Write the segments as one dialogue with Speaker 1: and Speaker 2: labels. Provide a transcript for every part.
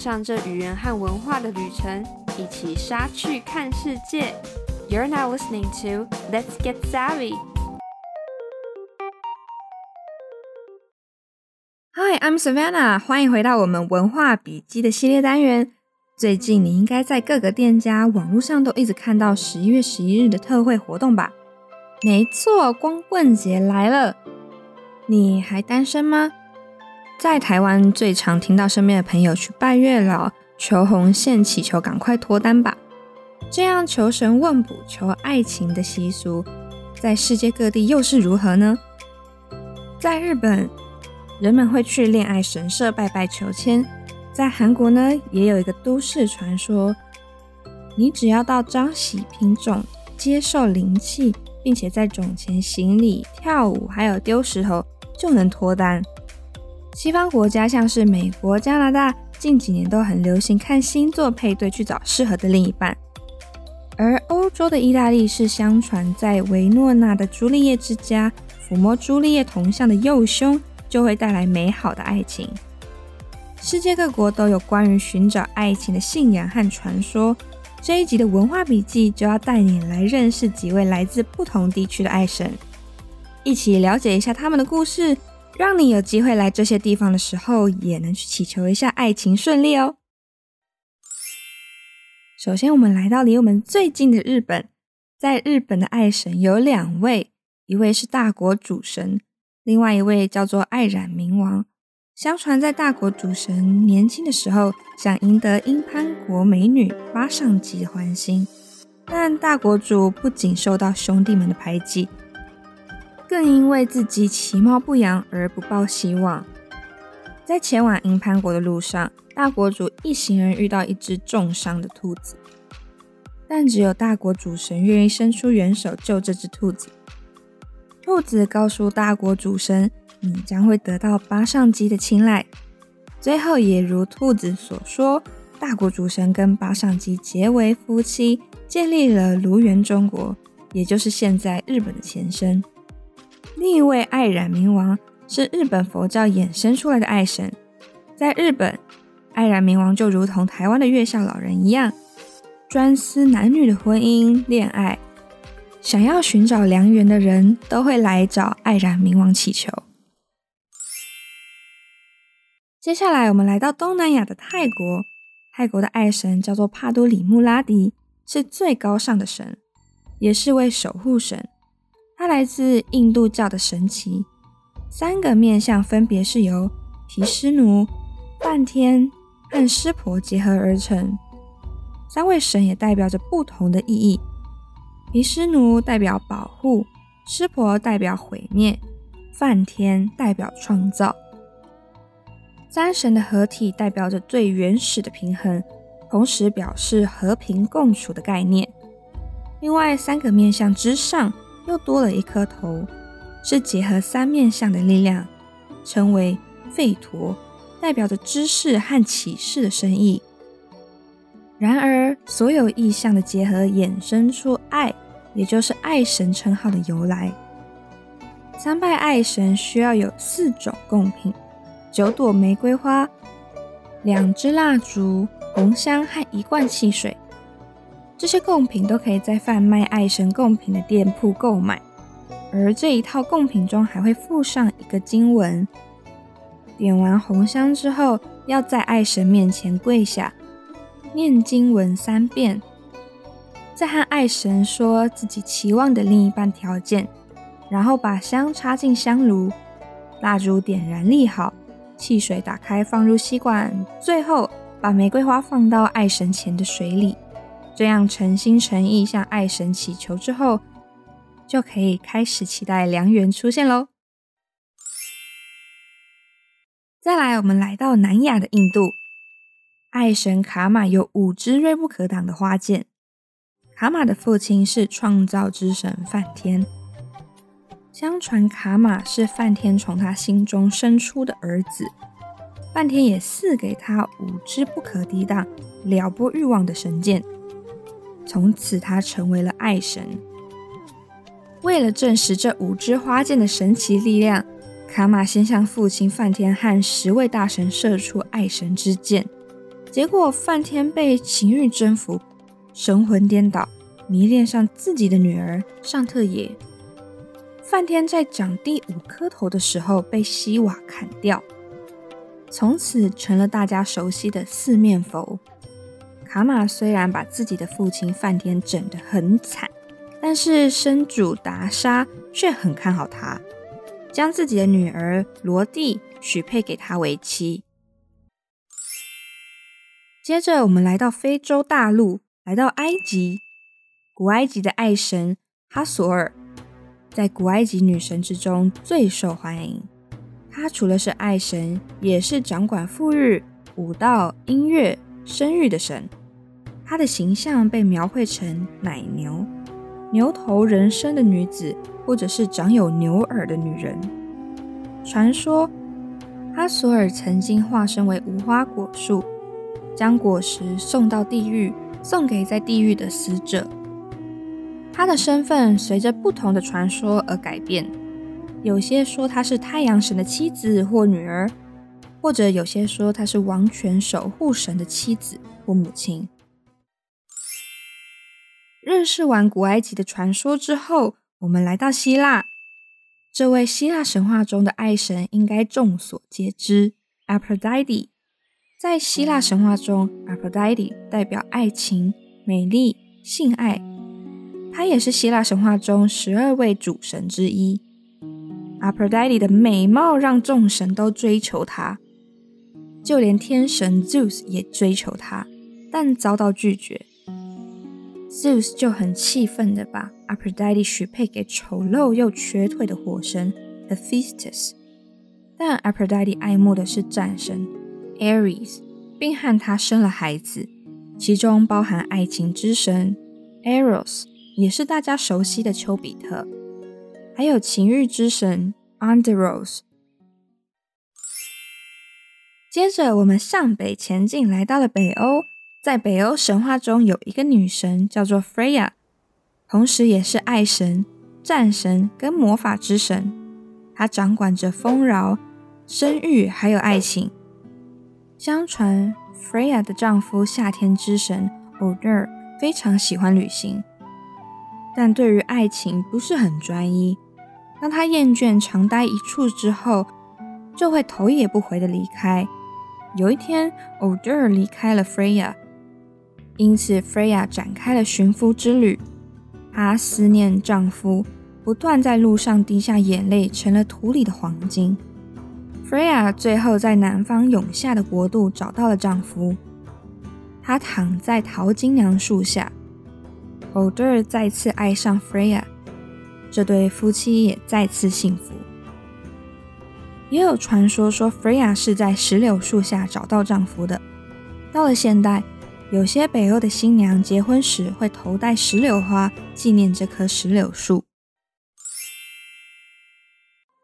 Speaker 1: 上這語言和文化的旅程，一起莎去看世界。You're now listening to Let's Get Savvy. Hi, I'm Savannah. 歡迎回到我們文化筆記的系列單元。最近你應該在各個店家、網絡上都一直看到十一月十一日的特惠活動吧？沒錯，光棍節來了。你還單身嗎？在台灣最常聽到身邊的朋友去拜月老、求紅線、祈求趕快脫單吧。這樣求神問卜、求愛情的習俗，在世界各地又是如何呢？在日本，人們會去戀愛神社拜拜求簽；在韓國呢，也有一個都市傳說：你只要到張禧嬪塚接受靈氣，並且在塚前行禮、跳舞，還有丟石頭，就能脫單。西方國家像是美國、加拿大，近幾年都很流行看星座配對去找適合的另一半。而歐洲的意大利是，相傳在維諾納的朱麗葉之家，撫摸朱麗葉銅像的右胸，就會帶來美好的愛情。世界各國都有關於尋找愛情的信仰和傳說。這一集的文化筆記就要帶你來認識幾位來自不同地區的愛神，一起了解一下他們的故事。讓你有機會來這些地方的時候，也能去祈求一下愛情順利哦。首先，我們來到離我們最近的日本。在日本的愛神有兩位，一位是大國主神，另外一位叫做愛染明王。相傳，在大國主神年輕的時候，想贏得因幡國美女八上姬的歡心，但大國主不僅受到兄弟們的排擠。更因為自己其貌不揚而不抱希望。在前往銀盤國的路上，大國主一行人遇到一隻重傷的兔子，但只有大國主神願意伸出援手救這隻兔子。兔子告訴大國主神：“你將會得到八上姬的青睞。”最後，也如兔子所說，大國主神跟八上姬結為夫妻，建立了蘆原中國，也就是現在日本的前身。另一位愛染明王是日本佛教衍生出來的愛神，在日本，愛染明王就如同台灣的月下老人一樣，專司男女的婚姻戀愛。想要尋找良緣的人都會來找愛染明王祈求。接下來，我們來到東南亞的泰國，泰國的愛神叫做帕多里穆拉迪，是最高尚的神，也是位守護神。來自印度教的神奇，三個面向分別是由毗濕奴、梵天和濕婆結合而成。三位神也代表着不同的意義：毗濕奴代表保護，濕婆代表毀滅，梵天代表創造。三神的合體代表着最原始的平衡，同時表示和平共處的概念。另外三個面向之上。又多了一顆頭，是結合三面相的力量，稱為吠陀，代表着知識和啟示的深意。然而，所有意象的結合衍生出愛，也就是愛神稱號的由來。參拜愛神需要有四種供品：九朵玫瑰花、兩支蠟燭、紅香和一罐汽水。這些供品都可以在販賣愛神供品的店鋪購買，而這一套供品中還會附上一個經文。點完紅香之後，要在愛神面前跪下，念經文三遍，再和愛神說自己期望的另一半條件，然後把香插進香爐，蠟燭點燃立好，汽水打開放入吸管，最後把玫瑰花放到愛神前的水裡。這樣誠心誠意向愛神祈求之後，就可以開始期待良緣出現嘍。再來，我們來到南亞的印度，愛神卡瑪有五支銳不可擋的花劍。卡瑪的父親是創造之神梵天，相傳卡瑪是梵天從他心中生出的兒子，梵天也賜給他五支不可抵擋、撩撥慾望的神劍。從此，他成為了愛神。為了證實這五支花箭的神奇力量，卡瑪先向父親梵天和十位大神射出愛神之箭。結果，梵天被情欲征服，神魂顛倒，迷戀上自己的女兒尚特耶。梵天在長第五顆頭的時候被希瓦砍掉，從此成了大家熟悉的四面佛。卡瑪雖然把自己的父親梵天整得很慘，但是生主達沙卻很看好他，將自己的女兒羅蒂許配給他為妻。接着，我們來到非洲大陸，來到埃及，古埃及的愛神哈索爾，在古埃及女神之中最受歡迎。她除了是愛神，也是掌管富裕、舞蹈、音樂、生育的神。她的形象被描繪成奶牛、牛頭人身的女子，或者是長有牛耳的女人。傳說哈索爾曾經化身為無花果樹，將果實送到地獄，送給在地獄的死者。她的身份隨着不同的傳說而改變，有些說她是太陽神的妻子或女兒，或者有些說她是王權守護神的妻子或母親。認識完古埃及的傳說之後，我們來到希臘。這位希臘神話中的愛神應該眾所皆知——阿弗洛狄忒。在希臘神話中，阿弗洛狄忒代表愛情、美麗、性愛。他也是希臘神話中十二位主神之一。阿弗洛狄忒的美貌讓眾神都追求他，就連天神 Zeus 也追求他，但遭到拒絕。Zeus 就很氣憤地把 Aphrodite 許配給醜陋又瘸腿的火神 Hephaestus，但 Aphrodite 愛慕的是戰神 Ares，並和他生了孩子，其中包含愛情之神 Eros，也是大家熟悉的丘比特，還有情欲之神 Andros。接着我們向北前進，來到了北歐。在北歐神話中，有一個女神叫做 Freya，同時也是愛神、戰神跟魔法之神。她掌管着豐饒、生育還有愛情。相傳 Freya 的丈夫夏天之神 Odur 非常喜歡旅行，但對於愛情不是很專一。當他厭倦常待一處之後，就會頭也不回地離開。有一天 Odur 離開了 Freya。因此，Freya 展開了尋夫之旅。她思念丈夫，不斷在路上滴下眼淚，成了土裡的黃金。Freya 最後在南方永夏的國度找到了丈夫。她躺在桃金娘樹下，歐德爾再次愛上 Freya，這對夫妻也再次幸福。也有傳說說 Freya 是在石榴樹下找到丈夫的。到了現代，有些北歐的新娘結婚時會頭戴石榴花，紀念這棵石榴樹。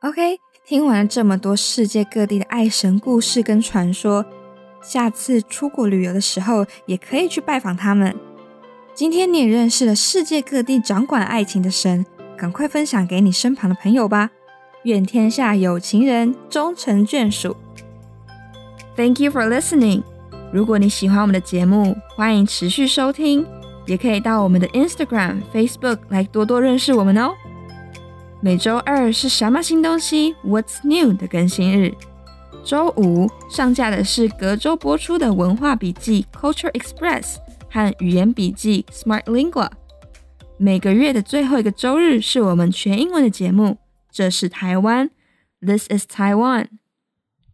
Speaker 1: OK，聽完了這麼多世界各地的愛神故事跟傳說，下次出國旅遊的時候也可以去拜訪他們。今天你也認識了世界各地掌管愛情的神，趕快分享給你身旁的朋友吧！願天下有情人終成眷屬。Thank you for listening. 如果你喜歡我們的節目，歡迎持續收聽，也可以到我們的 Instagram、Facebook 來多多認識我們哦。每周二是什麼新東西？What's New 的更新日。周五上架的是隔周播出的文化筆記 Culture Express 和語言筆記 Smart Lingua。每個月的最後一個周日是我們全英文的節目，這是台灣，This is Taiwan。